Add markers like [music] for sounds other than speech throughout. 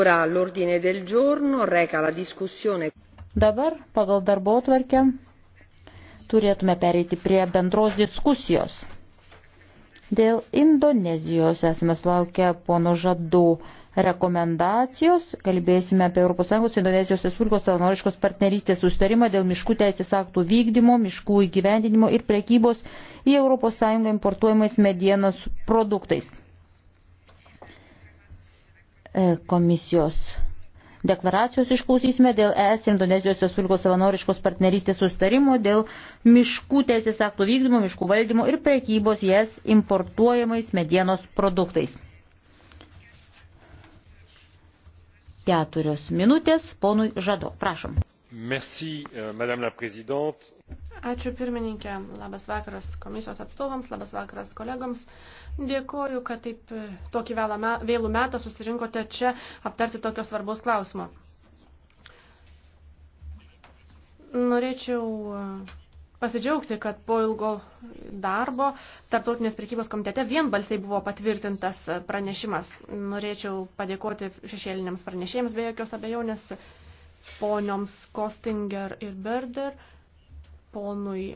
Ora l'ordine del giorno reca la discussione. Dabar pagal darbo tvarkę turėtume pereiti prie bendros diskusijos. Dėl Indonezijos esame sulaukę pono žadų rekomendacijos. Kalbėsime apie ES Indonezijos Respublikos savanoriškos partnerystės sustarimą dėl miškų teisės aktų vykdymo, miškų įgyvendinimo ir prekybos į ES importuojamais medienos produktais. E, komisijos deklaracijos išklausysime dėl ES Indonezijos Respublikos savanoriškos partnerystės sustarimo, dėl miškų teisės aktų vykdymo, miškų valdymo ir prekybos jas importuojamais medienos produktais. Keturios minutės ponui Žado. Prašom. Merci, euh, madame la présidente. Ačiū pirmininkė, labas vakaras komisijos atstovams, labas vakaras kolegoms. Dėkoju, kad taip e, tokį vėlų metą susirinkote čia aptarti tokio svarbaus klausimo. Norėčiau e, pasidžiaugti, kad po ilgo darbo Tarptautinės prekybos komitete vienbalsiai buvo patvirtintas pranešimas. Norėčiau padėkoti šešėliniams pranešėjams be jokios abejonės. nes ponioms Kostinger ir Berder, ponui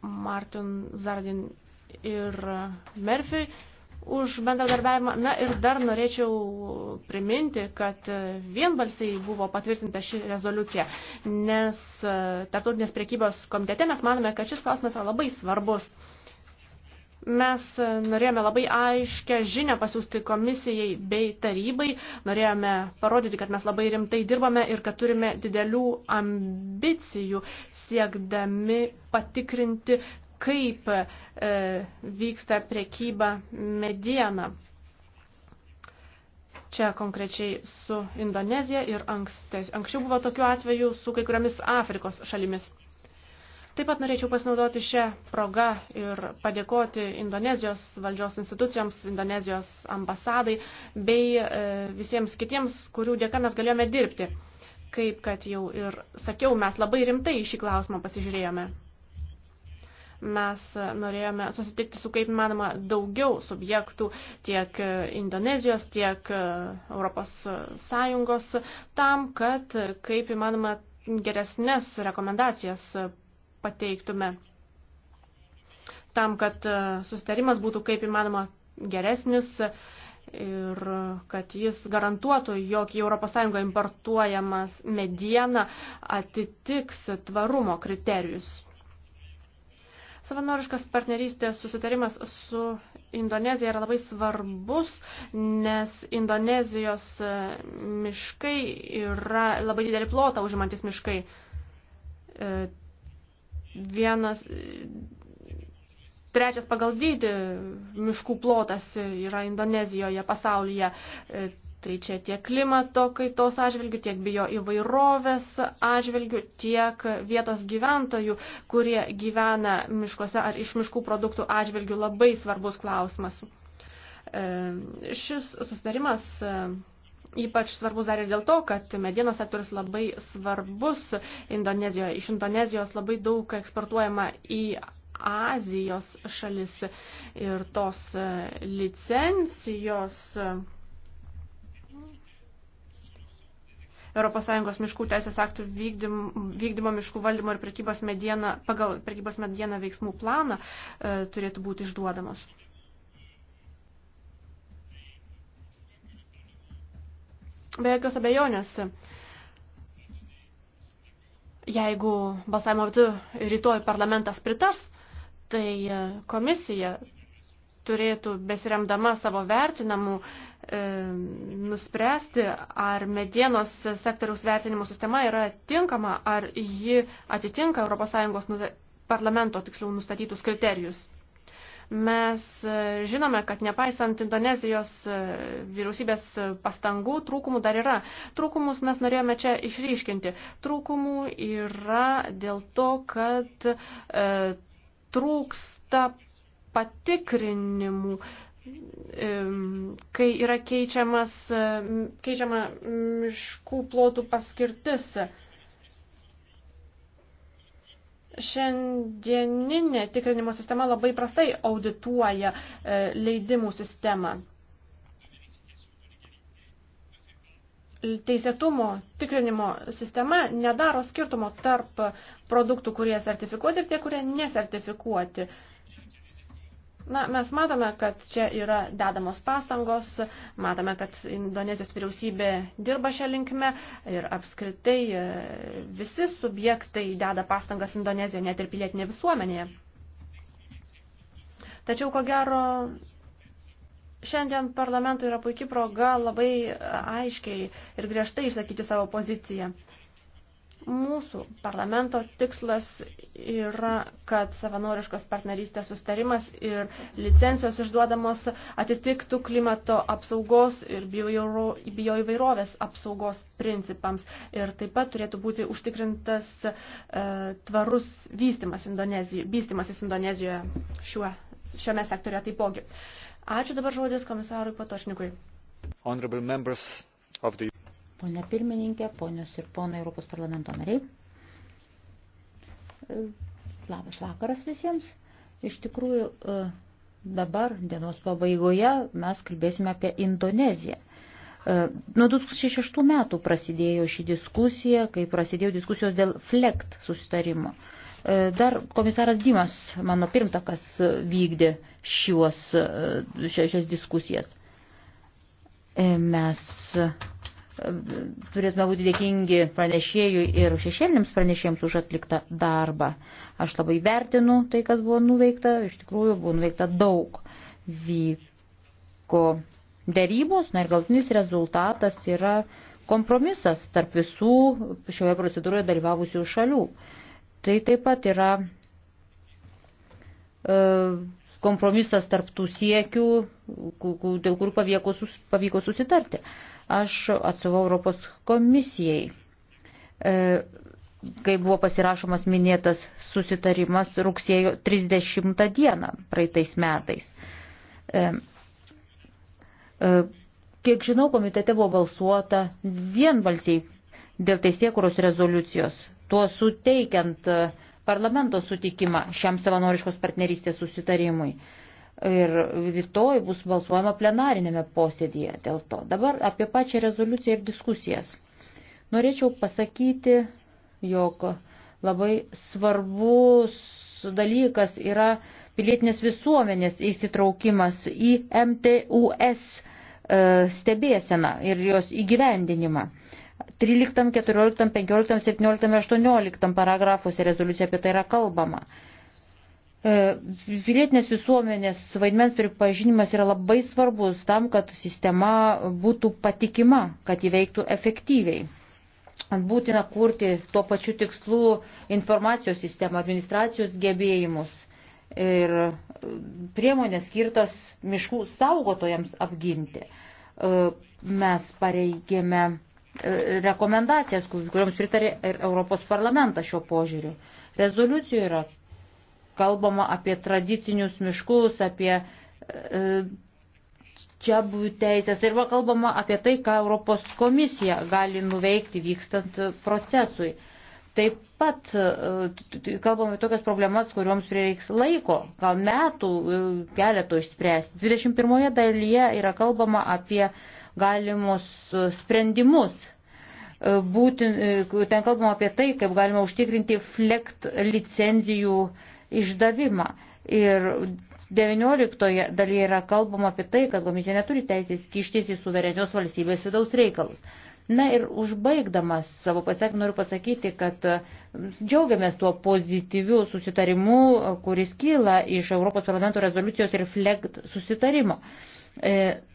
Martin Zardin ir Murphy už bendradarbiavimą. Na ir dar norėčiau priminti, kad vienbalsiai buvo patvirtinta ši rezoliucija, nes e, Tartutinės priekybos komitete mes manome, kad šis klausimas yra labai svarbus. Mes norėjome labai aiškę žinę pasiūsti komisijai bei tarybai, norėjome parodyti, kad mes labai rimtai dirbame ir kad turime didelių ambicijų siekdami patikrinti, kaip e, vyksta prekyba mediena. Čia konkrečiai su Indonezija ir ankstes, anksčiau buvo tokių atvejų su kai kuriamis Afrikos šalimis. Taip pat norėčiau pasinaudoti šią progą ir padėkoti Indonezijos valdžios institucijoms, Indonezijos ambasadai bei e, visiems kitiems, kurių dėka mes galėjome dirbti. Kaip kad jau ir sakiau, mes labai rimtai į šį klausimą pasižiūrėjome. Mes norėjome susitikti su kaip manoma daugiau subjektų tiek Indonezijos, tiek e, Europos Sąjungos tam, kad kaip įmanoma geresnės rekomendacijas pateiktume tam, kad e, sustarimas būtų kaip įmanoma geresnis ir e, kad jis garantuotų, jog į ES importuojamas mediena atitiks tvarumo kriterijus. Savanoriškas partnerystės susitarimas su Indonezija yra labai svarbus, nes Indonezijos e, miškai yra labai didelį plotą užimantis miškai vienas, trečias pagal dydį miškų plotas yra Indonezijoje, pasaulyje. E, tai čia tiek klimato kaitos atžvilgių, tiek bio įvairovės atžvilgių, tiek vietos gyventojų, kurie gyvena miškuose ar iš miškų produktų atžvilgių labai svarbus klausimas. E, šis susitarimas Ypač svarbus dar ir dėl to, kad medienos sektorius labai svarbus Indonezijoje. Iš Indonezijos labai daug eksportuojama į Azijos šalis ir tos e, licencijos ES miškų teisės aktų vykdymo, vykdymo miškų valdymo ir prekybos medieną, pagal prekybos medieną veiksmų planą e, turėtų būti išduodamos. Be jokios abejonės, jeigu balsavimo metu rytoj parlamentas pritars, tai komisija turėtų besiremdama savo vertinamų e, nuspręsti, ar medienos sektoriaus vertinimo sistema yra tinkama, ar ji atitinka ES parlamento tiksliau nustatytus kriterijus. Mes e, žinome, kad nepaisant Indonezijos e, vyriausybės e, pastangų, trūkumų dar yra. Trūkumus mes norėjome čia išryškinti. Trūkumų yra dėl to, kad e, trūksta patikrinimų, e, kai yra keičiamas, keičiama miškų plotų paskirtis. E, šiandieninė tikrinimo sistema labai prastai audituoja e, leidimų sistemą. Teisėtumo tikrinimo sistema nedaro skirtumo tarp produktų, kurie sertifikuoti ir tie, kurie nesertifikuoti. Na, mes matome, kad čia yra dedamos pastangos, matome, kad Indonezijos vyriausybė dirba šią linkmę ir apskritai e, visi subjektai deda pastangas Indonezijoje, net ir pilietinė visuomenėje. Tačiau, ko gero, šiandien parlamentui yra puikia proga labai aiškiai ir griežtai išsakyti savo poziciją. Mūsų parlamento tikslas yra, kad savanoriškos partnerystės sustarimas ir licencijos išduodamos atitiktų klimato apsaugos ir bioįvairovės apsaugos principams. Ir taip pat turėtų būti užtikrintas e, tvarus vystimas Indonezijoje, vystimasis Indonezijoje šiuo, šiame sektorioje taipogi. Ačiū dabar žodis komisarui Patošnikui. Honorable members of the Pone pirmininkė, ponios ir ponai Europos parlamento nariai. E, labas vakaras visiems. Iš tikrųjų, e, dabar dienos pabaigoje mes kalbėsime apie Indoneziją. E, nuo 2006 metų prasidėjo ši diskusija, kai prasidėjo diskusijos dėl FLECT susitarimo. Dar komisaras Dimas, mano pirmtakas, vykdė šios, šias diskusijas. Mes turėtume būti dėkingi pranešėjui ir šešėlėms pranešėjams už atliktą darbą. Aš labai vertinu tai, kas buvo nuveikta, iš tikrųjų buvo nuveikta daug. Vyko dėrybos, na ir galtinis rezultatas yra kompromisas tarp visų šioje procedūroje dalyvavusių šalių. Tai taip pat yra e, kompromisas tarp tų siekių, dėl kurių pavyko, sus, pavyko susitarti. E, Aš atsuvau Europos komisijai, e, kai buvo pasirašomas minėtas susitarimas rugsėjo 30 dieną praeitais metais. E, e, kiek žinau, komitete buvo balsuota vienbalsiai dėl teisėkuros rezoliucijos, tuo suteikiant parlamento sutikimą šiam savanoriškos partnerystės susitarimui. Ir rytoj bus balsuojama plenarinėme posėdėje dėl to. Dabar apie pačią rezoliuciją ir diskusijas. Norėčiau pasakyti, jog labai svarbus dalykas yra pilietinės visuomenės įsitraukimas į MTUS e, stebėseną ir jos įgyvendinimą. 13, 14, 15, 17, 18 paragrafuose rezoliucija apie tai yra kalbama. Vilietinės e, visuomenės vaidmens pripažinimas yra labai svarbus tam, kad sistema būtų patikima, kad ji veiktų efektyviai. Būtina kurti tuo pačiu tikslu informacijos sistemą, administracijos gebėjimus ir priemonės skirtos miškų saugotojams apginti. E, mes pareigėme e, rekomendacijas, kuriuoms pritarė ir Europos parlamentas šio požiūriu. Rezoliucijoje yra kalbama apie tradicinius miškus, apie e, čia būtų teisės ir va kalbama apie tai, ką Europos komisija gali nuveikti vykstant procesui. Taip pat e, kalbame tokias problemas, kuriuoms prireiks laiko, gal metų e, keletų išspręsti. 21 dalyje yra kalbama apie galimus sprendimus. E, Būtin, ten kalbama apie tai, kaip galima užtikrinti flekt licenzijų uh, išdavimą. Ir 19 dalyje yra kalbama apie tai, kad komisija neturi teisės kištis į suverenios valstybės vidaus reikalus. Na ir užbaigdamas savo pasakymą noriu pasakyti, kad džiaugiamės tuo pozityviu susitarimu, kuris kyla iš Europos parlamento rezoliucijos ir flekt susitarimo. E,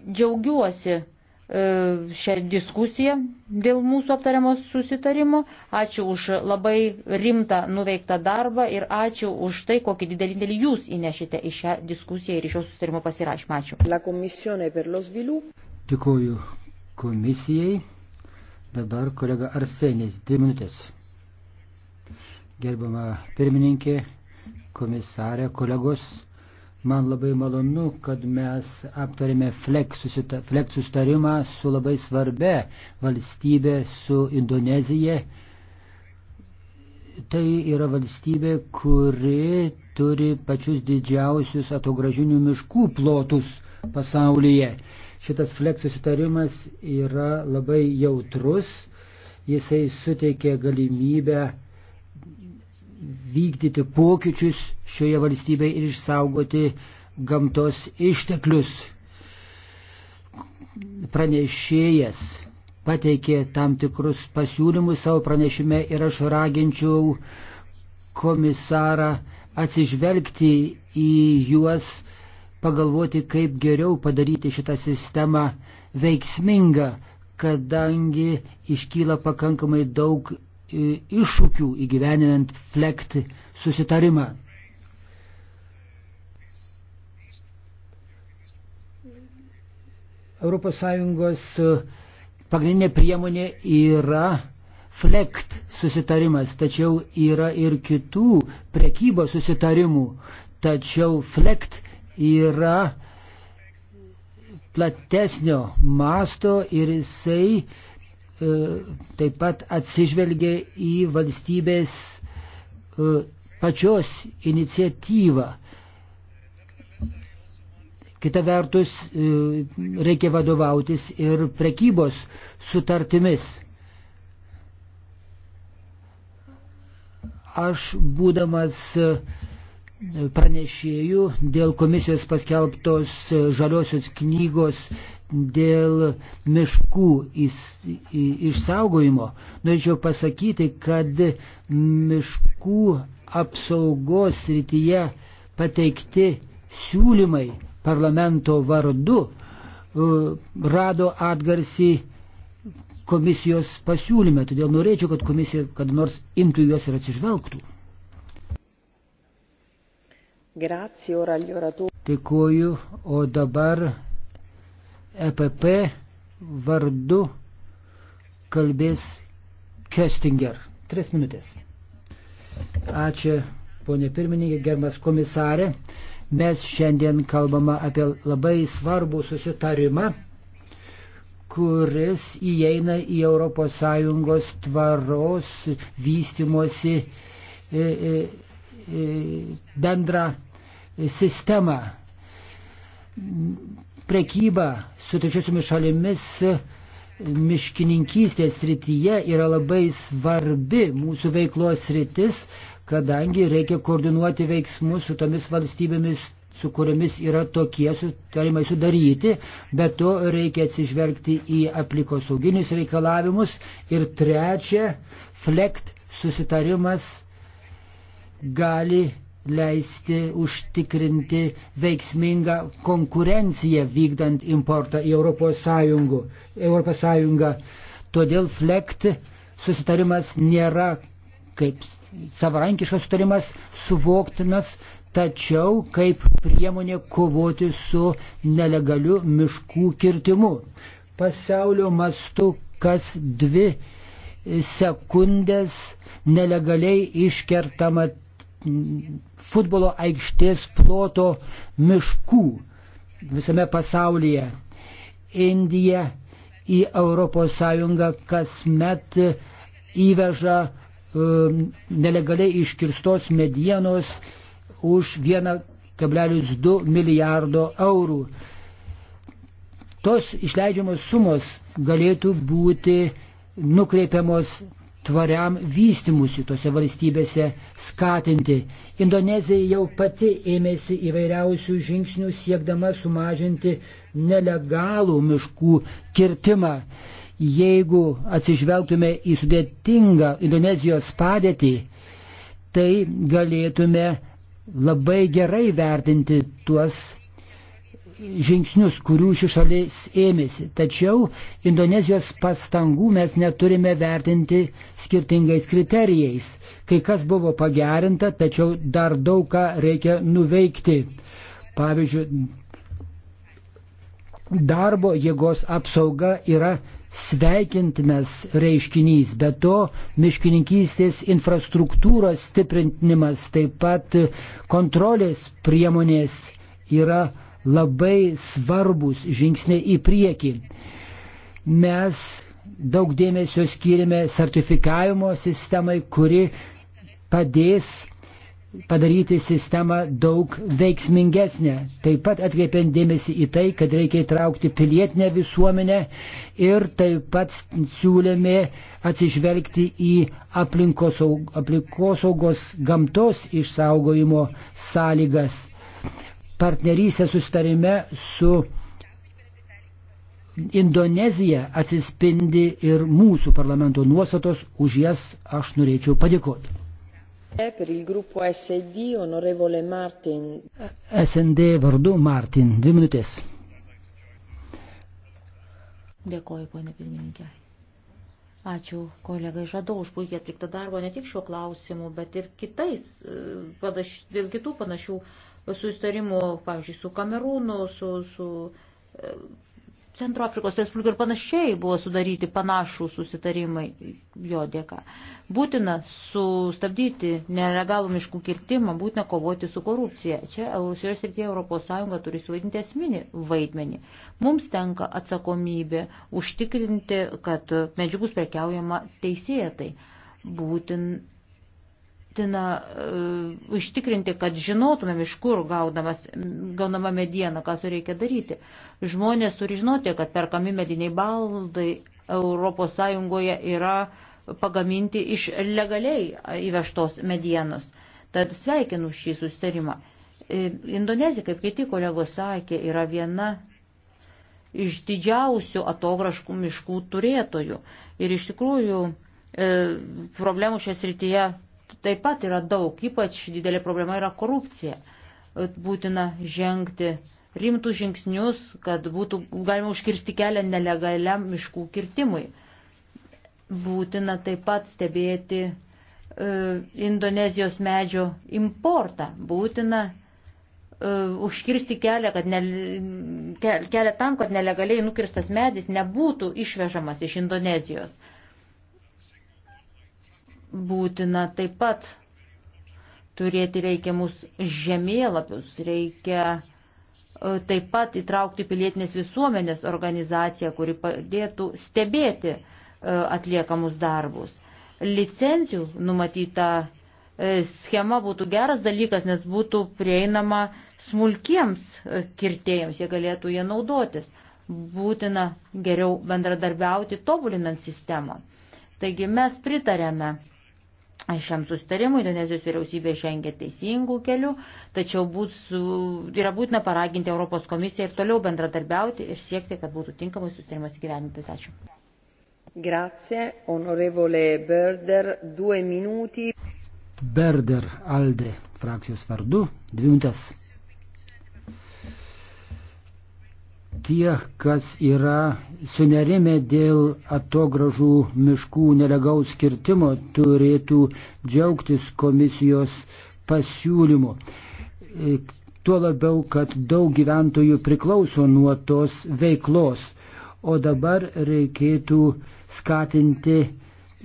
džiaugiuosi E, šią diskusiją dėl mūsų aptariamos susitarimo. Ačiū už labai rimtą nuveiktą darbą ir ačiū už tai, kokį didelį dėlį jūs įnešite į šią diskusiją ir iš šio susitarimo pasirašymą. Ačiū. Dėkuoju komisijai. Dabar kolega Arsenės, dvi minutės. Gerbama pirmininkė, komisarė, kolegos. Man labai malonu, kad mes aptarėme flek sustarimą su labai svarbia valstybė, su Indonezija. Tai yra valstybė, kuri turi pačius didžiausius atogražinių miškų plotus pasaulyje. Šitas flek susitarimas yra labai jautrus, jisai suteikia galimybę vykdyti pokyčius šioje valstybėje ir išsaugoti gamtos išteklius. Pranešėjas pateikė tam tikrus pasiūlymus savo pranešime ir aš raginčiau komisarą atsižvelgti į juos, pagalvoti, kaip geriau padaryti šitą sistemą veiksmingą, kadangi iškyla pakankamai daug E, iššūkių įgyveninant flekt susitarimą. ES e, pagrindinė priemonė yra flekt susitarimas, tačiau yra ir kitų prekybos susitarimų, tačiau flekt yra platesnio masto ir jisai uh, E, taip pat atsižvelgia į valstybės e, pačios iniciatyvą. Kita vertus, e, reikia vadovautis ir prekybos sutartimis. Aš būdamas uh, pranešėjų dėl komisijos paskelbtos žaliosios knygos dėl miškų išsaugojimo. Norėčiau pasakyti, kad miškų apsaugos srityje pateikti siūlymai parlamento vardu e, rado atgarsį komisijos pasiūlyme. Todėl norėčiau, kad komisija kada nors imtų juos ir atsižvelgtų. Dėkuoju, o dabar EPP vardu kalbės Kestinger. Tris minutės. Ačiū, ponė pirmininkė, gerbas komisarė. Mes šiandien kalbama apie labai svarbų susitarimą, kuris įeina į ES tvaros vystimosi e, e, e, bendrą sistemą. Prekyba su trečiosiomis šalimis miškininkystės srityje yra labai svarbi mūsų veiklos sritis, kadangi reikia koordinuoti veiksmus su tomis valstybėmis, su kuriomis yra tokie sutarimai sudaryti, bet to reikia atsižvelgti į aplikosauginius reikalavimus. Ir trečia, flekt susitarimas gali leisti užtikrinti veiksmingą konkurenciją vykdant importą į Europos, Sąjungų, Europos Sąjungą. Todėl FLECT susitarimas nėra kaip savarankiškas sutarimas suvoktinas, tačiau kaip priemonė kovoti su nelegaliu miškų kirtimu. Pasaulio mastu kas dvi sekundės nelegaliai iškertama futbolo aikštės ploto miškų visame pasaulyje. Indija į ES kasmet įveža um, nelegaliai iškirstos medienos už 1,2 milijardo eurų. Tos išleidžiamos sumos galėtų būti nukreipiamos tvariam vystimusi tose valstybėse skatinti. Indonezija jau pati ėmėsi įvairiausių žingsnių siekdama sumažinti nelegalų miškų kirtimą. Jeigu atsižvelgtume į sudėtingą Indonezijos padėtį, tai galėtume labai gerai vertinti tuos žingsnius, kurių ši šalis ėmėsi. Tačiau Indonezijos pastangų mes neturime vertinti skirtingais kriterijais. Kai kas buvo pagerinta, tačiau dar daug ką reikia nuveikti. Pavyzdžiui, darbo jėgos apsauga yra sveikintinas reiškinys, bet to miškininkystės infrastruktūros stiprintinimas, taip pat kontrolės priemonės yra labai svarbus žingsniai į priekį. Mes daug dėmesio skiriame sertifikavimo sistemai, kuri padės padaryti sistemą daug veiksmingesnę. Taip pat atkreipiant dėmesį į tai, kad reikia įtraukti pilietinę visuomenę ir taip pat siūlėme atsižvelgti į aplinkosaugos, aplinkosaugos gamtos išsaugojimo sąlygas partnerystės sustarime su Indonezija atsispindi ir mūsų parlamento nuostatos, už jas aš norėčiau padėkoti. SND vardu Martin, dvi minutės. Dėkoju, ponė pirmininkė. Ačiū kolegai Žadau už puikiai atliktą darbą ne tik šiuo klausimu, bet ir kitais, e, panaš, dėl kitų panašių susitarimų, pavyzdžiui, su Kamerūnu, su, su e, Centro Afrikos Respublika ir panašiai buvo sudaryti panašų susitarimai jo dėka. Būtina sustabdyti nelegalų miškų kirtimą, būtina kovoti su korupcija. Čia Rusijos srityje ES turi suvaidinti esminį vaidmenį. Mums tenka atsakomybė užtikrinti, kad medžiagus prekiaujama teisėtai. Būtin būtina uh, užtikrinti, kad žinotumėm, iš kur gaudamas, gaunama mediena, ką su reikia daryti. Žmonės turi žinoti, kad perkami mediniai baldai ES yra pagaminti iš legaliai įvežtos medienos. Tad sveikinu šį susitarimą. E, Indonezija, kaip kiti kolegos sakė, yra viena iš didžiausių atograškų miškų turėtojų. Ir iš tikrųjų e, problemų šią srityje taip pat yra daug, ypač didelė problema yra korupcija. Būtina žengti rimtus žingsnius, kad būtų galima užkirsti kelią nelegaliam miškų kirtimui. Būtina taip pat stebėti e, Indonezijos medžio importą. Būtina e, užkirsti kelią, kad ne, kelią tam, kad nelegaliai nukirstas medis nebūtų išvežamas iš Indonezijos būtina taip pat turėti reikiamus žemėlapius, reikia e, taip pat įtraukti pilietinės visuomenės organizaciją, kuri padėtų stebėti e, atliekamus darbus. Licencijų numatyta e, schema būtų geras dalykas, nes būtų prieinama smulkiems kirtėjams, jie galėtų jie naudotis. Būtina geriau bendradarbiauti, tobulinant sistemą. Taigi mes pritarėme Šiam sustarimui Indonezijos vyriausybė žengia teisingų kelių, tačiau būs, yra būtina paraginti Europos komisiją ir toliau bendradarbiauti ir siekti, kad būtų tinkamai sustarimas įgyvendintas. Ačiū. Grazie, onorevole Berder, due minuti. Berder Alde frakcijos vardu, dvi minutės. tie, kas yra sunerime dėl atogražų miškų nelegaus kirtimo, turėtų džiaugtis komisijos pasiūlymu. E, tuo labiau, kad daug gyventojų priklauso nuo tos veiklos. O dabar reikėtų skatinti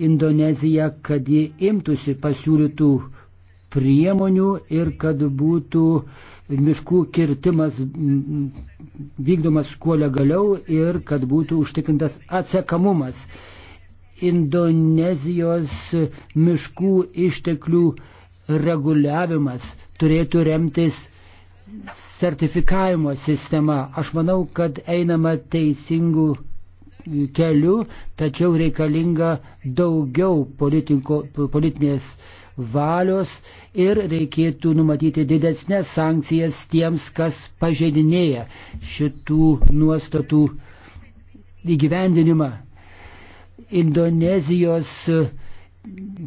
Indoneziją, kad ji imtųsi pasiūlytų priemonių ir kad būtų miškų kirtimas vykdomas kuo legaliau ir kad būtų užtikrintas atsekamumas. Indonezijos miškų išteklių reguliavimas turėtų remtis sertifikavimo sistema. Aš manau, kad einama teisingų kelių, tačiau reikalinga daugiau politiko, politinės uh, valios ir reikėtų numatyti didesnės sankcijas tiems, kas pažeidinėja šitų nuostatų įgyvendinimą. Indonezijos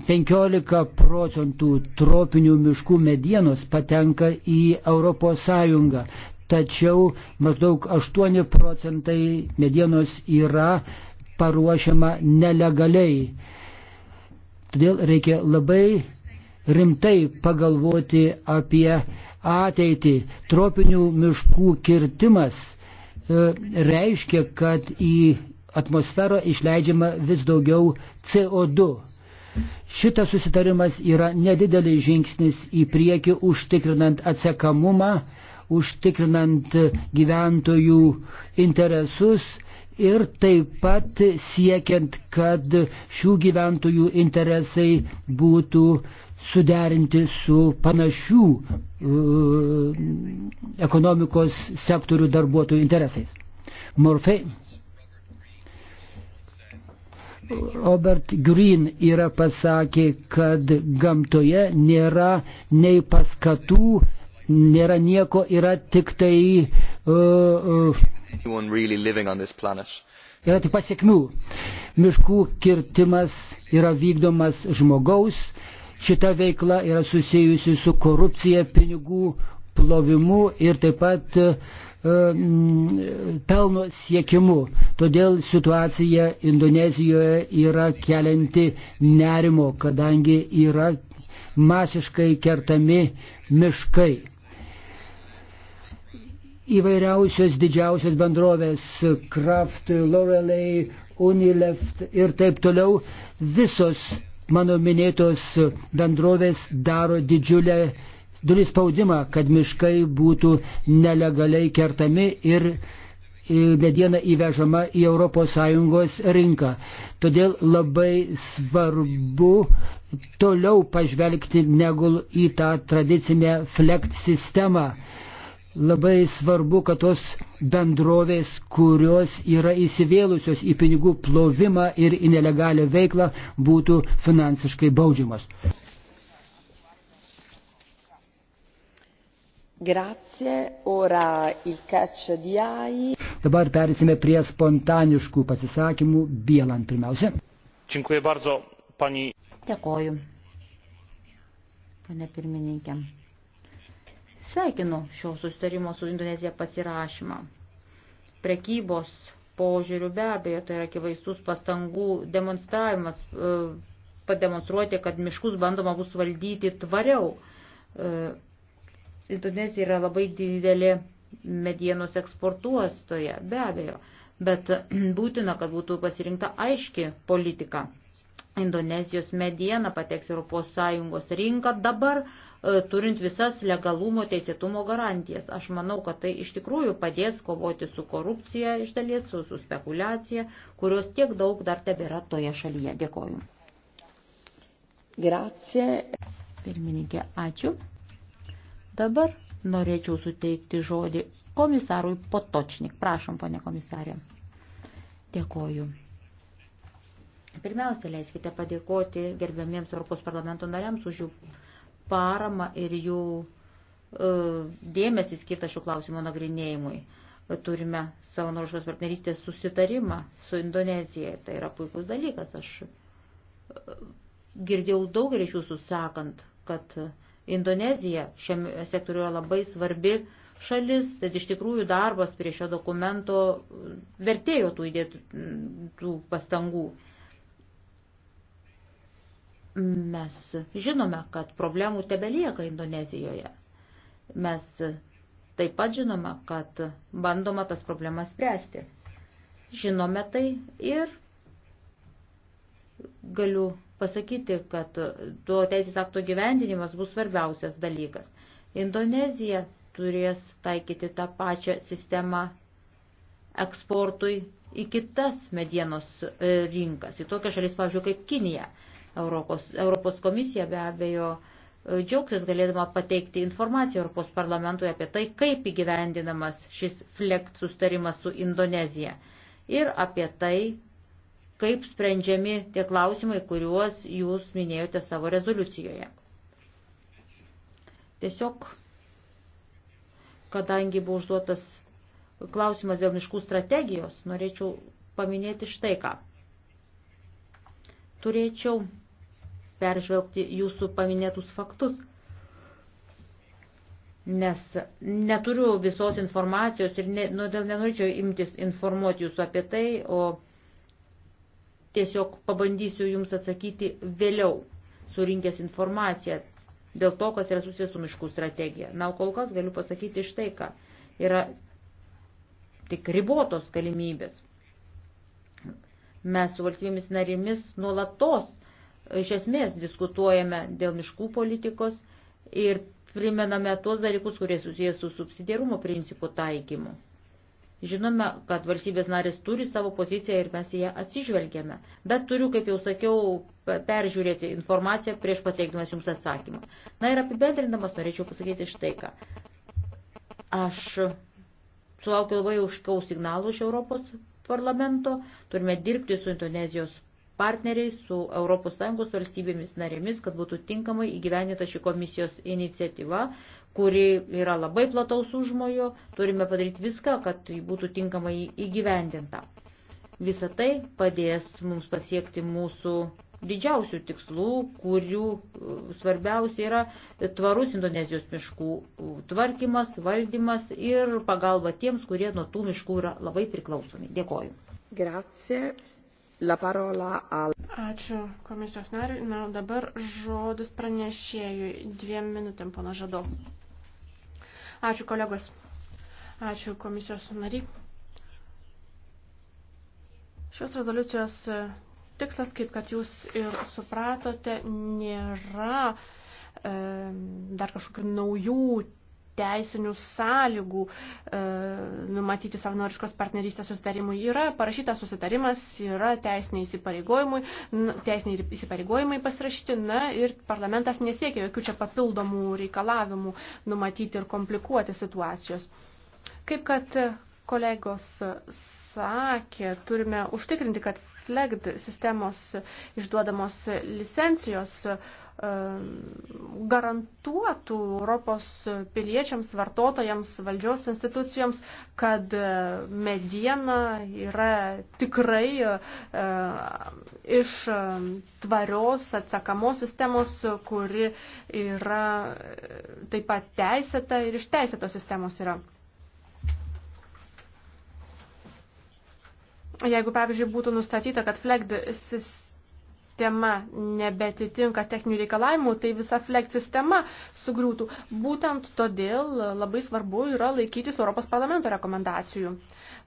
15 procentų tropinių miškų medienos patenka į ES, tačiau maždaug 8 procentai medienos yra paruošiama nelegaliai. Todėl reikia labai rimtai pagalvoti apie ateitį. Tropinių miškų kirtimas e, reiškia, kad į atmosferą išleidžiama vis daugiau CO2. Šitas susitarimas yra nedidelis žingsnis į priekį užtikrinant atsekamumą, užtikrinant gyventojų interesus ir taip pat siekiant, kad šių gyventojų interesai būtų suderinti su panašių uh, ekonomikos sektorių darbuotojų interesais. Morfei. Robert Green yra pasakė, kad gamtoje nėra nei paskatų, nėra nieko, yra tik tai. Uh, uh, yra tik pasiekmių. Miškų kirtimas yra vykdomas žmogaus, uh, Šita veikla yra susijusi su korupcija, pinigų plovimu ir taip pat e, mm, pelno siekimu. Todėl situacija Indonezijoje yra kelianti nerimo, kadangi yra masiškai kertami miškai. Įvairiausios didžiausios bendrovės Kraft, Lorelei, Unileft ir taip toliau visos mano minėtos bendrovės daro didžiulę dulį spaudimą, kad miškai būtų nelegaliai kertami ir e, mediena įvežama į ES rinką. Todėl labai svarbu toliau pažvelgti negu į tą tradicinę flekt sistemą. Labai svarbu, kad tos bendrovės, kurios yra įsivėlusios į pinigų plovimą ir į nelegalią veiklą, būtų finansiškai baudžiamas. Grazie, ora il caccia di AI. Dabar perėsime prie spontaniškų pasisakymų. Bielan pirmiausia. Dziękuję bardzo, pani. Dėkoju, pane pirmininkė. Sveikinu šio sustarimo su Indonezija pasirašymą. Prekybos požiūrių be abejo tai yra akivaizdus pastangų demonstravimas, e, pademonstruoti, kad miškus bandoma bus valdyti tvariau. E, Indonezija yra labai didelė medienos eksportuostoje, be abejo, bet [clears throat] būtina, kad būtų pasirinkta aiški politika. Indonezijos mediena pateks Europos Sąjungos rinką dabar, E, turint visas legalumo teisėtumo garantijas. Aš manau, kad tai iš tikrųjų padės kovoti su korupcija iš dalies, su, su spekulacija, kurios tiek daug dar tebėra toje šalyje. Dėkoju. Grazie. Pirmininkė, ačiū. Dabar norėčiau suteikti žodį komisarui Potočnik. Prašom, pane komisarė. Dėkoju. Pirmiausia, leiskite padėkoti gerbiamiems Europos parlamento nariams už jų paramą ir jų e, dėmesį skirtą šių klausimų nagrinėjimui. Turime savanoriškos partnerystės susitarimą su Indonezija. Tai yra puikus dalykas. Aš e, girdėjau daugelį iš jūsų sakant, kad Indonezija šiame sektoriuje labai svarbi šalis, tad iš tikrųjų darbas prie šio dokumento vertėjo tų, įdėtų, tų pastangų. Mes žinome, kad problemų tebelieka Indonezijoje. Mes taip pat žinome, kad bandoma tas problemas spręsti. Žinome tai ir galiu pasakyti, kad tuo teisės akto gyvendinimas bus svarbiausias dalykas. Indonezija turės taikyti tą pačią sistemą eksportui į kitas medienos e, rinkas, į tokias šalis, pavyzdžiui, kaip Kinija. Europos, Europos komisija be abejo e, džiaugtis galėdama pateikti informaciją Europos parlamentui apie tai, kaip įgyvendinamas šis flekt sustarimas su Indonezija ir apie tai, kaip sprendžiami tie klausimai, kuriuos jūs minėjote savo rezoliucijoje. Tiesiog, kadangi buvo užduotas klausimas dėl miškų strategijos, norėčiau paminėti štai ką. Turėčiau peržvelgti jūsų paminėtus faktus. Nes neturiu visos informacijos ir ne, nu, dėl nenorėčiau imtis informuoti jūsų apie tai, o tiesiog pabandysiu jums atsakyti vėliau, surinkęs informaciją dėl to, kas yra susijęs su miškų strategija. Na, kol kas galiu pasakyti štai ką. Yra tik ribotos galimybės. Mes su valstybėmis narėmis nuolatos iš esmės diskutuojame dėl miškų politikos ir primename tuos dalykus, kurie susijęs su subsidiarumo principų taikymu. Žinome, kad valstybės narės turi savo poziciją ir mes ją atsižvelgiame, bet turiu, kaip jau sakiau, peržiūrėti informaciją prieš pateikdamas jums atsakymą. Na ir apibendrindamas norėčiau pasakyti štai ką. Aš sulaukiu labai užkaus signalų iš Europos parlamento, turime dirbti su Indonezijos partneriais, su ES valstybėmis narėmis, kad būtų tinkamai įgyvenita ši komisijos iniciatyva, kuri yra labai plataus užmojo, turime padaryti viską, kad ji būtų tinkamai įgyvendinta. Visą tai padės mums pasiekti mūsų didžiausių tikslų, kurių e, svarbiausia yra tvarus Indonezijos miškų e, tvarkymas, valdymas ir pagalba tiems, kurie nuo tų miškų yra labai priklausomi. Dėkoju. Grazie. La parola al. Ačiū komisijos nariui. Na, dabar žodis pranešėjui. Dviem minutėm, pana Žado. Ačiū kolegos. Ačiū komisijos nariai. Šios rezoliucijos e, tikslas, kaip kad jūs ir supratote, nėra e, dar kažkokių naujų teisinių sąlygų e, numatyti savanoriškos partnerystės susitarimui. Yra parašytas susitarimas, yra teisiniai įsipareigojimai, teisiniai įsipareigojimai pasirašyti, na ir parlamentas nesiekia jokių čia papildomų reikalavimų numatyti ir komplikuoti situacijos. Kaip kad kolegos sakė, turime užtikrinti, kad FLEGD sistemos išduodamos licencijos um, garantuotų Europos piliečiams, vartotojams, valdžios institucijoms, kad uh, mediena yra tikrai uh, iš um, tvarios atsakamos sistemos, kuri yra uh, taip pat teisėta ir iš teisėtos sistemos yra. jeigu, pavyzdžiui, būtų nustatyta, kad FLEGD sistema nebetitinka techninių reikalavimų, tai visa FLEGD sistema sugriūtų. Būtent todėl labai svarbu yra laikytis Europos parlamento rekomendacijų.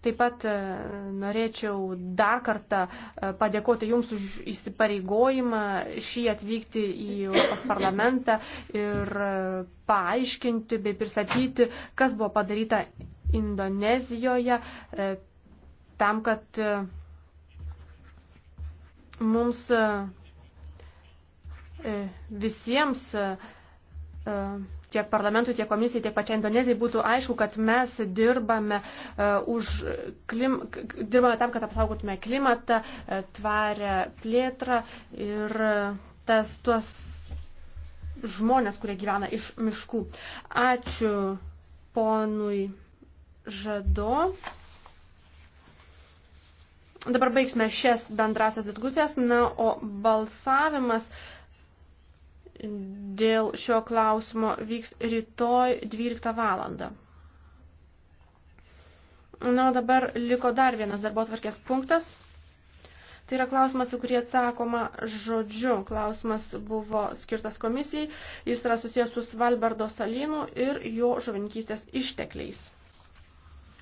Taip pat e, norėčiau dar kartą e, padėkoti Jums už įsipareigojimą šį atvykti į Europos parlamentą ir e, paaiškinti bei pristatyti, kas buvo padaryta Indonezijoje tam, kad e, mums e, e, visiems tiek parlamentui, tiek komisijai, tiek pačiai Indonezijai būtų aišku, kad mes dirbame, uh, už klim, dirbame tam, kad apsaugotume klimatą, uh, tvarę plėtrą ir uh, tas tuos žmonės, kurie gyvena iš miškų. Ačiū ponui Žado. Dabar baigsime šias bendrasias diskusijas, na, o balsavimas dėl šio klausimo vyks rytoj 12 valandą. Na, o dabar liko dar vienas darbo tvarkės punktas. Tai yra klausimas, į kurį atsakoma žodžiu. Klausimas buvo skirtas komisijai, jis yra susijęs su Svalbardo salynu ir jo žuvininkystės ištekliais.